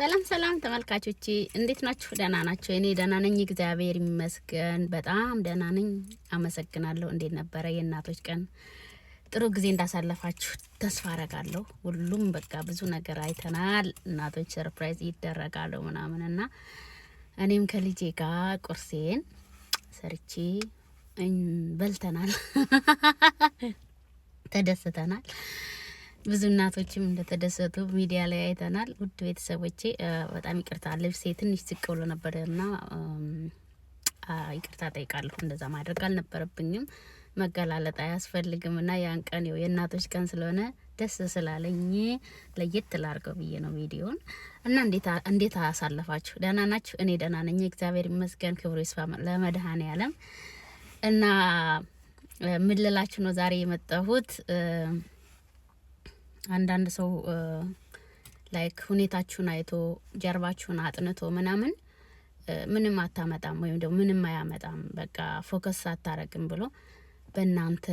ሰላም ሰላም ተመልካቾቼ እንዴት ናችሁ? ደህና ናቸው። እኔ ደህና ነኝ፣ እግዚአብሔር ይመስገን፣ በጣም ደህና ነኝ። አመሰግናለሁ። እንዴት ነበረ የእናቶች ቀን? ጥሩ ጊዜ እንዳሳለፋችሁ ተስፋ አረጋለሁ። ሁሉም በቃ ብዙ ነገር አይተናል። እናቶች ሰርፕራይዝ ይደረጋሉ ምናምን እና እኔም ከልጄ ጋር ቁርሴን ሰርቼ በልተናል፣ ተደስተናል። ብዙ እናቶችም እንደተደሰቱ ሚዲያ ላይ አይተናል። ውድ ቤተሰቦቼ በጣም ይቅርታ፣ ልብሴ ትንሽ ዝቅ ብሎ ነበር እና ይቅርታ ጠይቃለሁ። እንደዛ ማድረግ አልነበረብኝም። መገላለጥ አያስፈልግም እና ያን ቀን የእናቶች ቀን ስለሆነ ደስ ስላለኝ ለየት ላርገው ብዬ ነው ቪዲዮን። እና እንዴት አሳለፋችሁ? ደህና ናችሁ? እኔ ደህና ነኝ፣ እግዚአብሔር ይመስገን። ክብሩ ይስፋ ለመድኃኔ ዓለም እና ምልላችሁ ነው ዛሬ የመጣሁት አንዳንድ ሰው ላይክ ሁኔታችሁን አይቶ ጀርባችሁን አጥንቶ ምናምን ምንም አታመጣም ወይም ደግሞ ምንም አያመጣም በቃ ፎከስ አታረግም ብሎ በእናንተ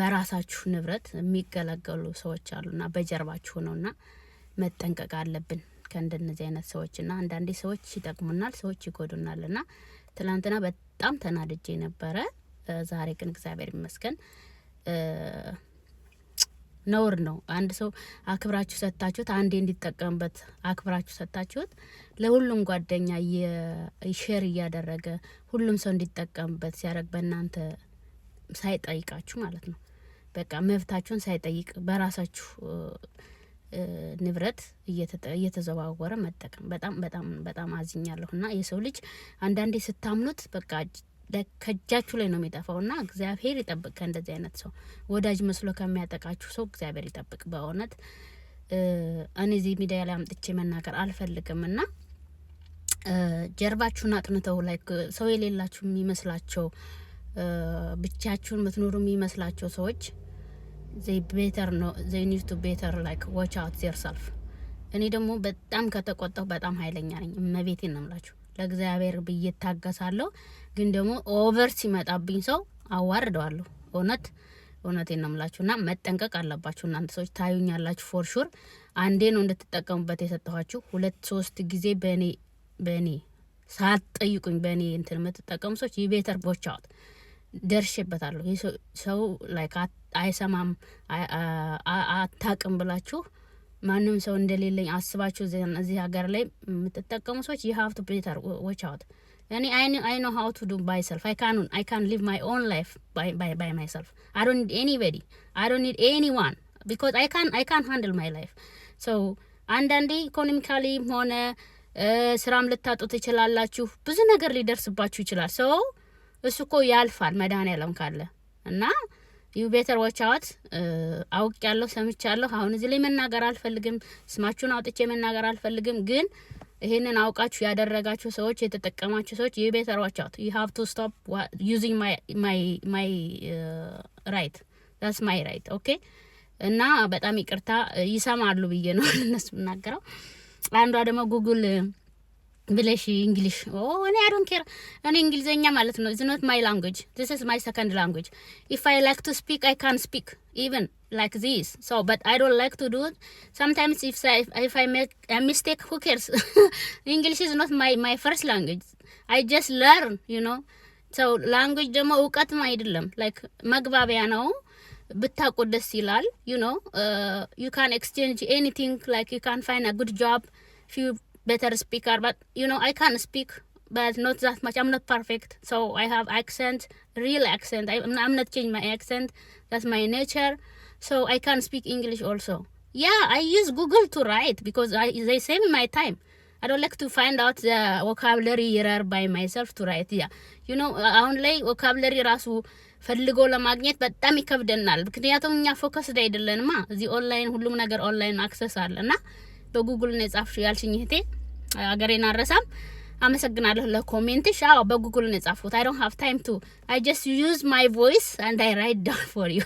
በራሳችሁ ንብረት የሚገለገሉ ሰዎች አሉና በጀርባችሁ ነውና መጠንቀቅ አለብን ከእንደነዚህ አይነት ሰዎችና አንዳንዴ ሰዎች ይጠቅሙናል፣ ሰዎች ይጎዱናልና ትላንትና በጣም ተናድጄ ነበረ። ዛሬ ግን እግዚአብሔር ይመስገን ነውር ነው። አንድ ሰው አክብራችሁ ሰጥታችሁት አንዴ እንዲጠቀምበት አክብራችሁ ሰጥታችሁት ለሁሉም ጓደኛ ሼር እያደረገ ሁሉም ሰው እንዲጠቀምበት ሲያደርግ በእናንተ ሳይጠይቃችሁ ማለት ነው። በቃ መብታችሁን ሳይጠይቅ በራሳችሁ ንብረት እየተዘዋወረ መጠቀም በጣም በጣም በጣም አዝኛለሁ። እና የሰው ልጅ አንዳንዴ ስታምኑት በቃ ከእጃችሁ ላይ ነው የሚጠፋው። እና እግዚአብሔር ይጠብቅ ከእንደዚህ አይነት ሰው፣ ወዳጅ መስሎ ከሚያጠቃችሁ ሰው እግዚአብሔር ይጠብቅ። በእውነት እኔ እዚህ ሚዲያ ላይ አምጥቼ መናገር አልፈልግም እና ጀርባችሁን አጥንተው ላይ ሰው የሌላችሁ የሚመስላቸው ብቻችሁን ምትኖሩ የሚመስላቸው ሰዎች ዘይ ቤተር ነው ዘይ ኒድ ቱ ቤተር ላይክ ዋች አውት ዘር ሰልፍ። እኔ ደግሞ በጣም ከተቆጣሁ በጣም ኃይለኛ ነኝ። እመቤቴን ነው የምላችሁ ለእግዚአብሔር ብዬ እታገሳለሁ። ግን ደግሞ ኦቨር ሲመጣብኝ ሰው አዋርደዋለሁ። እውነት እውነቴ ነው የምላችሁ። እና መጠንቀቅ አለባችሁ እናንተ ሰዎች ታዩኛላችሁ። ፎር ሹር አንዴ ነው እንድትጠቀሙበት የሰጠኋችሁ። ሁለት ሶስት ጊዜ በእኔ በእኔ ሳትጠይቁኝ በእኔ እንትን የምትጠቀሙ ሰዎች የቤተር ቦቻውት ደርሼበታለሁ። ሰው ላይ አይሰማም አታቅም ብላችሁ ማንም ሰው እንደሌለኝ አስባችሁ እዚህ ሀገር ላይ የምትጠቀሙ ሰዎች ይህ ሀብቱ ቤተር ዎች አውት እኔ አይ ኖ ሀው ቱ ዱ ባይ ሰልፍ አይ ካኑን አይ ካን ሊቭ ማይ ኦን ላይፍ ባይ ማይ ሰልፍ አይ ዶንት ኒድ ኤኒበዲ አይ ዶንት ኒድ ዋን ቢኮዝ አይ ካን አይ ካን ሃንድል ማይ ላይፍ ሶ አንዳንዴ ኢኮኖሚካሊም ሆነ ስራም ልታጡ ትችላላችሁ። ብዙ ነገር ሊደርስባችሁ ይችላል። ሰው እሱ እኮ ያልፋል መድኃኔዓለም ካለ እና ዩ ቤተር ዋች አውት አውቅ ያለሁ ሰምቻለሁ። አሁን እዚህ ላይ መናገር አልፈልግም፣ ስማችሁን አውጥቼ መናገር አልፈልግም። ግን ይህንን አውቃችሁ ያደረጋችሁ ሰዎች፣ የተጠቀማችሁ ሰዎች ዩ ቤተር ዋች አውት ዩ ሀቭ ቱ ስቶፕ ዩዚንግ ማይ ማይ ራይት ዛስ ማይ ራይት ኦኬ። እና በጣም ይቅርታ ይሰማሉ ብዬ ነው ለነሱ የምናገረው። አንዷ ደግሞ ጉግል ብለሽ እንግሊሽ እኔ አይ ዶንት ኬር እኔ እንግሊዘኛ ማለት ነው ኢዝ ኖት ማይ ላንጉጅ ዚስ ኢዝ ማይ ሰከንድ ላንጉጅ ኢፍ አይ ላይክ ቱ ስፒክ አይ ካን ስፒክ ኢቨን like this. So, but I don't like to do it. Sometimes if I, if I make a mistake, who cares? English is not my, my first language. I just learn, you know. So, language ደግሞ እውቀትም አይደለም ላይክ መግባቢያ ነው። ብታውቁ ደስ ይላል። ዩ ኖ ዩ ካን ኤክስቼንጅ ኤኒቲንግ ላይክ ዩ ካን ፋይን አ ጉድ ጆብ ፊ better speaker but you know i can speak but not that much i'm not perfect so i have accent real accent I, am not change my accent that's my nature so i can speak english also yeah i use google to write because I, they save my time I don't like to find out the vocabulary error by myself to write ያ ዩ ኖ አሁን ላይ ቮካብለሪ ራሱ ፈልጎ ለማግኘት በጣም ይከብደናል። ምክንያቱም እኛ ፎከስድ አይደለንማ እዚህ ኦንላይን ሁሉም ነገር ኦንላይን አክሰስ አለ እና በጉግል ነው የጻፍሽው ያልሽኝ እህቴ አገሬን አረሳም። አመሰግናለሁ ለኮሜንትሽ። አዎ በጉግል ነው የጻፍኩት። አይ ዶንት ሃቭ ታይም ቱ አይ ጀስት ዩዝ ማይ ቮይስ አንድ አይ ራይት ዳውን ፎር ዩ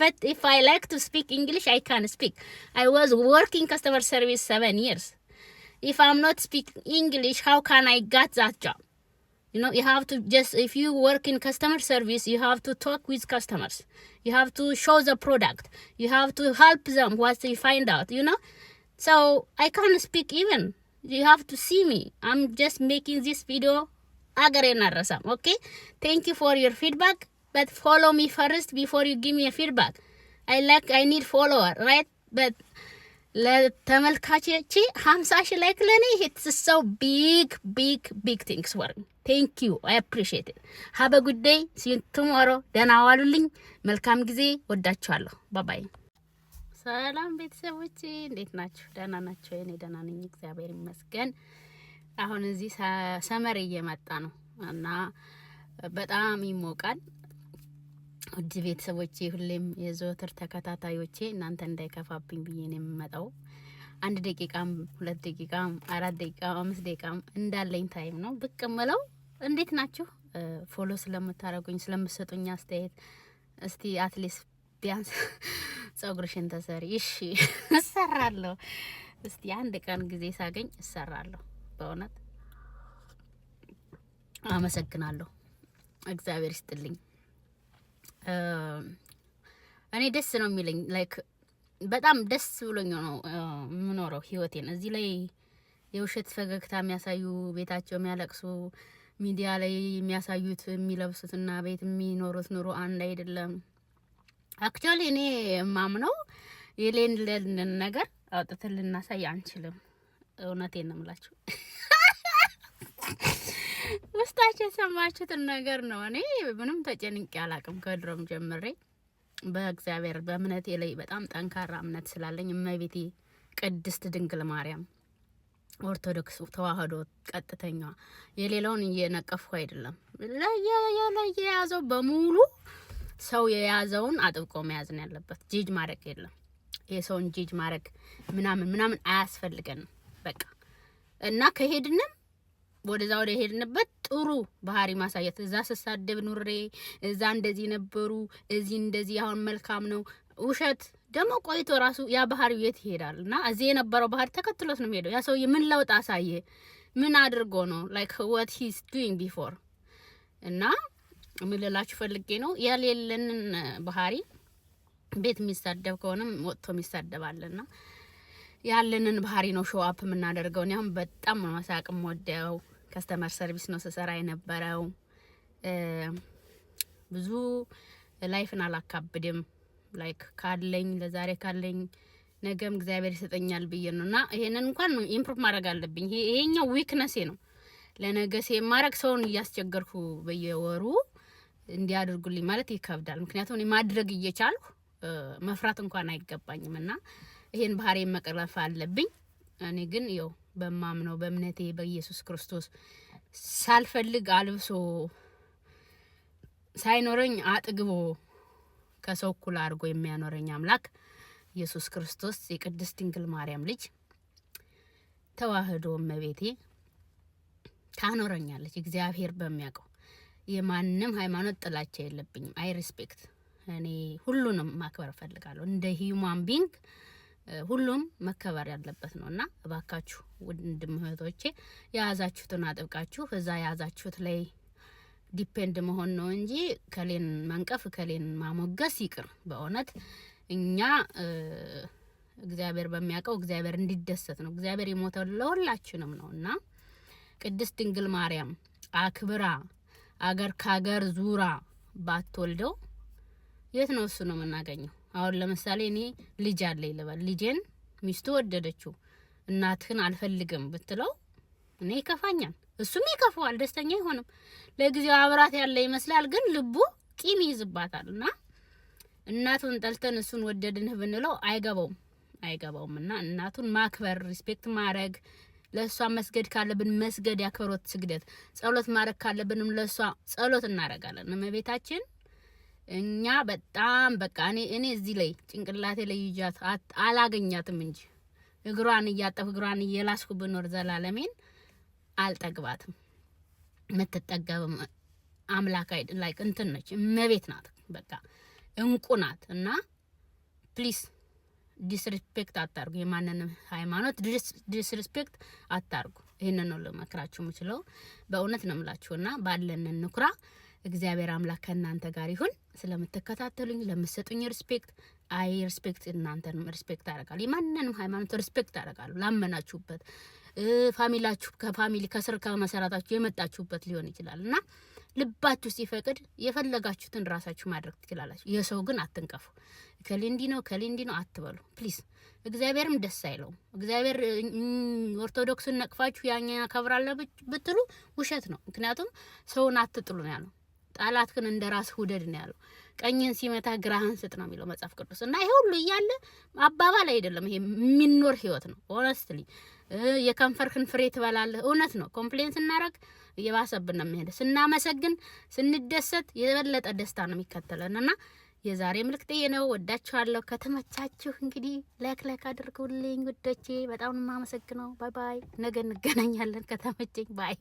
በት ኢፍ አይ ላይክ ቱ ስፒክ እንግሊሽ አይ ካን ስፒክ አይ ዋዝ ወርኪንግ ከስተመር ሰርቪስ ሰቨን ይርስ ኢፍ አም ኖት ስፒክ እንግሊሽ ሃው ካን አይ ጋት ዛት ጃብ you know you have to just if you work in customer service you have to talk with customers you have to show the product you have to help them what they find out you know so i can't speak even you have to see me i'm just making this video okay thank you for your feedback but follow me first before you give me a feedback i like i need follower right but ለተመልካቼ ሀምሳ ሺህ ላይክ ለእኔ It's so big, big, big things ወርክ ቴንክ ዩ አይ አፕሪሺየት ሀበ ጉዳይ ሲቱሞሮ ደህና ዋሉልኝ። መልካም ጊዜ ወዳችኋለሁ። ባባይ። ሰላም ቤተሰቦች እንዴት ናችሁ? ደህና ናቸው። እኔ ደህና ነኝ እግዚአብሔር ይመስገን። አሁን እዚህ ሰመር እየመጣ ነው እና በጣም ይሞቃል። ውድ ቤተሰቦቼ ሁሌም የዘወትር ተከታታዮቼ እናንተ እንዳይከፋብኝ ብዬ ነው የምመጣው። አንድ ደቂቃም ሁለት ደቂቃም አራት ደቂቃም አምስት ደቂቃም እንዳለኝ ታይም ነው ብቅ ምለው እንዴት ናችሁ? ፎሎ ስለምታደርጉኝ ስለምሰጡኝ አስተያየት እስቲ አትሊስት ቢያንስ ጸጉርሽን ተሰሪ። እሺ እሰራለሁ። እስቲ አንድ ቀን ጊዜ ሳገኝ እሰራለሁ። በእውነት አመሰግናለሁ። እግዚአብሔር ይስጥልኝ። እኔ ደስ ነው የሚለኝ ላይክ በጣም ደስ ብሎኝ ነው የምኖረው ህይወቴን። እዚህ ላይ የውሸት ፈገግታ የሚያሳዩ ቤታቸው የሚያለቅሱ ሚዲያ ላይ የሚያሳዩት የሚለብሱትና ቤት የሚኖሩት ኑሮ አንድ አይደለም። አክቹዋሊ እኔ ማምነው የሌለንን ነገር አውጥተን ልናሳይ አንችልም። እውነቴን ነው የምላችሁ። ውስጣችሁ የሰማችሁትን ነገር ነው። እኔ ምንም ተጨንቄ አላቅም። ከድሮም ጀምሬ በእግዚአብሔር በእምነቴ ላይ በጣም ጠንካራ እምነት ስላለኝ እመቤቴ ቅድስት ድንግል ማርያም ኦርቶዶክስ ተዋህዶ ቀጥተኛ የሌላውን እየነቀፍኩ አይደለም። የያዘው በሙሉ ሰው የያዘውን አጥብቆ መያዝ ነው ያለበት። ጅጅ ማድረግ የለም። የሰውን ጅጅ ማድረግ ምናምን ምናምን አያስፈልገንም። በቃ እና ከሄድንም ወደዛ ወደ ሄድንበት ጥሩ ባህሪ ማሳየት እዛ ስሳደብ ኑሬ እዛ እንደዚህ ነበሩ እዚህ እንደዚህ አሁን መልካም ነው ውሸት ደግሞ ቆይቶ ራሱ ያ ባህር የት ይሄዳል? እና እዚህ የነበረው ባህር ተከትሎት ነው የሚሄደው። ያ ሰውዬ ምን ለውጥ አሳየ? ምን አድርጎ ነው ላይክ ወት ሂስ ዱይንግ ቢፎር። እና ምልላችሁ ፈልጌ ነው የሌለንን ባህሪ ቤት የሚሳደብ ከሆነም ወጥቶ የሚሳደባልና ያለንን ባህሪ ነው ሾው አፕ የምናደርገው። እኔ አሁን በጣም መሳቅ ወደው ከስተመር ሰርቪስ ነው ስሰራ የነበረው ብዙ ላይፍን አላካብድም። ላይክ ካለኝ ለዛሬ ካለኝ ነገም እግዚአብሔር ይሰጠኛል ብዬ ነው እና ይሄንን እንኳን ኢምፕሩቭ ማድረግ አለብኝ። ይሄኛው ዊክነሴ ነው። ለነገሴ ማድረግ ሰውን እያስቸገርኩ በየወሩ እንዲያደርጉልኝ ማለት ይከብዳል። ምክንያቱም እኔ ማድረግ እየቻልኩ መፍራት እንኳን አይገባኝም እና ይሄን ባህሪ መቅረፍ አለብኝ። እኔ ግን ያው በማምነው በእምነቴ በኢየሱስ ክርስቶስ ሳልፈልግ አልብሶ ሳይኖረኝ አጥግቦ ከሰው እኩል አድርጎ የሚያኖረኝ አምላክ ኢየሱስ ክርስቶስ የቅድስት ድንግል ማርያም ልጅ ተዋህዶ እመቤቴ ታኖረኛለች። እግዚአብሔር በሚያውቀው የማንም ሃይማኖት ጥላቻ የለብኝም። አይ ሪስፔክት እኔ ሁሉንም ማክበር እፈልጋለሁ። እንደ ሂዩማን ቢንግ ሁሉም መከበር ያለበት ነው እና እባካችሁ ወንድም እህቶቼ የያዛችሁትን አጥብቃችሁ እዛ የያዛችሁት ላይ ዲፔንድ መሆን ነው እንጂ ከሌን መንቀፍ ከሌን ማሞገስ ይቅር። በእውነት እኛ እግዚአብሔር በሚያውቀው እግዚአብሔር እንዲደሰት ነው። እግዚአብሔር የሞተው ለሁላችንም ነው እና ቅድስት ድንግል ማርያም አክብራ አገር ካገር ዙራ ባትወልደው የት ነው እሱ ነው የምናገኘው? አሁን ለምሳሌ እኔ ልጅ አለ ይልበል። ልጄን ሚስቱ ወደደችው እናትህን አልፈልግም ብትለው እኔ ይከፋኛል፣ እሱም ይከፋዋል፣ ደስተኛ አይሆንም። ለጊዜው አብራት ያለ ይመስላል፣ ግን ልቡ ቂም ይይዝባታል እና እናቱን ጠልተን እሱን ወደድንህ ብንለው አይገባውም አይገባውም። እና እናቱን ማክበር፣ ሪስፔክት ማድረግ፣ ለእሷ መስገድ ካለብን መስገድ፣ ያክብሮት ስግደት፣ ጸሎት ማድረግ ካለብንም ለእሷ ጸሎት እናደርጋለን። እመቤታችን እኛ በጣም በቃ እኔ እኔ እዚህ ላይ ጭንቅላቴ ላይ ይዣት አላገኛትም እንጂ እግሯን እያጠፍ እግሯን እየላስኩ ብኖር ዘላለሜን አልጠግባትም። የምትጠገብም አምላክ ላይክ እንትን ነች፣ እመቤት ናት፣ በቃ እንቁ ናት። እና ፕሊስ ዲስሪስፔክት አታርጉ፣ የማንንም ሃይማኖት ዲስሪስፔክት አታርጉ። ይህንን ነው ልመክራችሁ የምችለው። በእውነት ነው የምላችሁና ባለን እንኩራ። እግዚአብሔር አምላክ ከእናንተ ጋር ይሁን። ስለምትከታተሉኝ ለምትሰጡኝ ሪስፔክት አይ ሪስፔክት እናንተንም ሪስፔክት አደርጋለሁ። የማንንም ሃይማኖት ሪስፔክት አደርጋለሁ ላመናችሁበት ፋሚላችሁ ከፋሚሊ ከስር ከመሰረታችሁ የመጣችሁበት ሊሆን ይችላል እና ልባችሁ ሲፈቅድ የፈለጋችሁትን ራሳችሁ ማድረግ ትችላላችሁ። የሰው ግን አትንቀፉ። ከሊንዲ ነው ከሊንዲ ነው አትበሉ ፕሊዝ። እግዚአብሔርም ደስ አይለውም። እግዚአብሔር ኦርቶዶክስን ነቅፋችሁ ያኛ ከብራለ ብትሉ ውሸት ነው። ምክንያቱም ሰውን አትጥሉ ነው ያለው። ግን እንደ ራስህ ውደድ ነው ያለው። ቀኝን ሲመታ ግራህን ስጥ ነው የሚለው መጽሐፍ ቅዱስ። እና ይሄ ሁሉ እያለ አባባል አይደለም፣ ይሄ የሚኖር ህይወት ነው። ሆነስትሊ የከንፈርህን ፍሬ ትበላለህ። እውነት ነው። ኮምፕሌን ስናደርግ እየባሰብን ነው የሚሄደ። ስናመሰግን፣ ስንደሰት የበለጠ ደስታ ነው የሚከተለን እና የዛሬ ምልክት ነው። ወዳችኋለሁ። ከተመቻችሁ እንግዲህ ላይክ ላይክ አድርጉልኝ ውዶቼ። በጣም ማመሰግነው። ባይ ባይ። ነገ እንገናኛለን ከተመቸኝ። ባይ